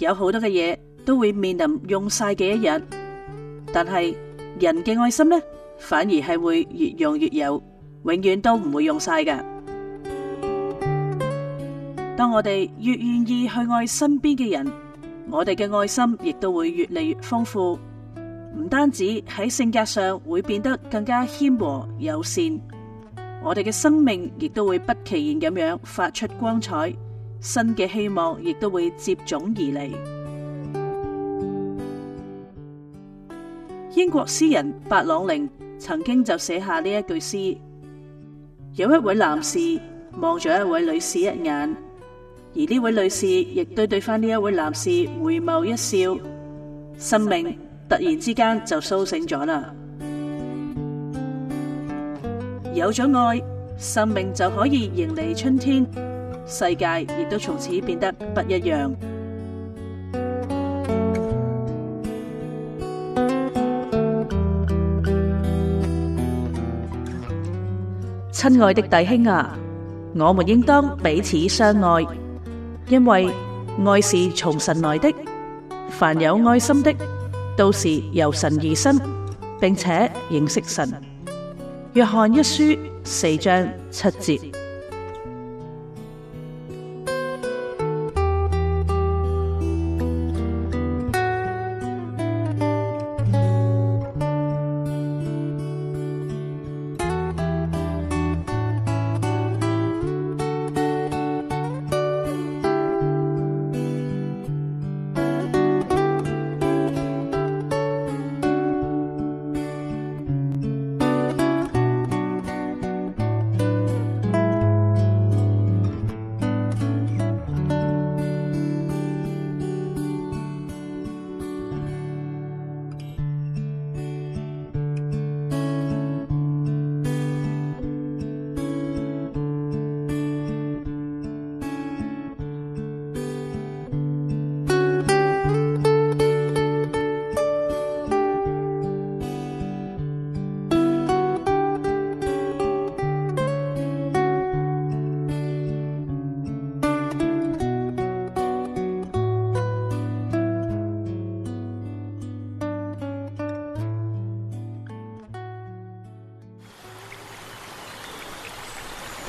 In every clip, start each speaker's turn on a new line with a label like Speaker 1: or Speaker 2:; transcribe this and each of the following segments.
Speaker 1: 有好多嘅嘢都會面臨用晒嘅一日，但係人嘅愛心呢，反而係會越用越有，永遠都唔會用晒㗎。當我哋越願意去愛身邊嘅人，我哋嘅愛心亦都會越嚟越豐富，唔單止喺性格上會變得更加謙和友善，我哋嘅生命亦都會不期然咁樣發出光彩。新嘅希望亦都會接踵而嚟。英國詩人白朗寧曾經就寫下呢一句詩：有一位男士望咗一位女士一眼，而呢位女士亦對對返呢一位男士回眸一笑，生命突然之間就蘇醒咗啦。有咗愛，生命就可以迎嚟春天。世界亦都從此變得不一樣。親愛的弟兄啊，我們應當彼此相愛，因為愛是從神來的。凡有愛心的，都是由神而生，並且認識神。約翰一書四章七節。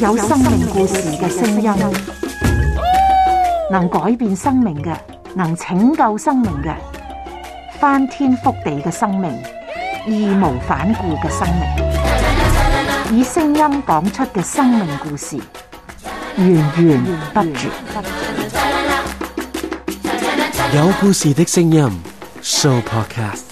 Speaker 2: 有生命故事嘅聲音，
Speaker 1: 能改變生命嘅，能拯救生命嘅，翻天覆地嘅生命，義無反顧嘅生命，以聲音講出嘅生命故事，源
Speaker 2: 源不絕。有故事嘅聲音，Sooopodcast。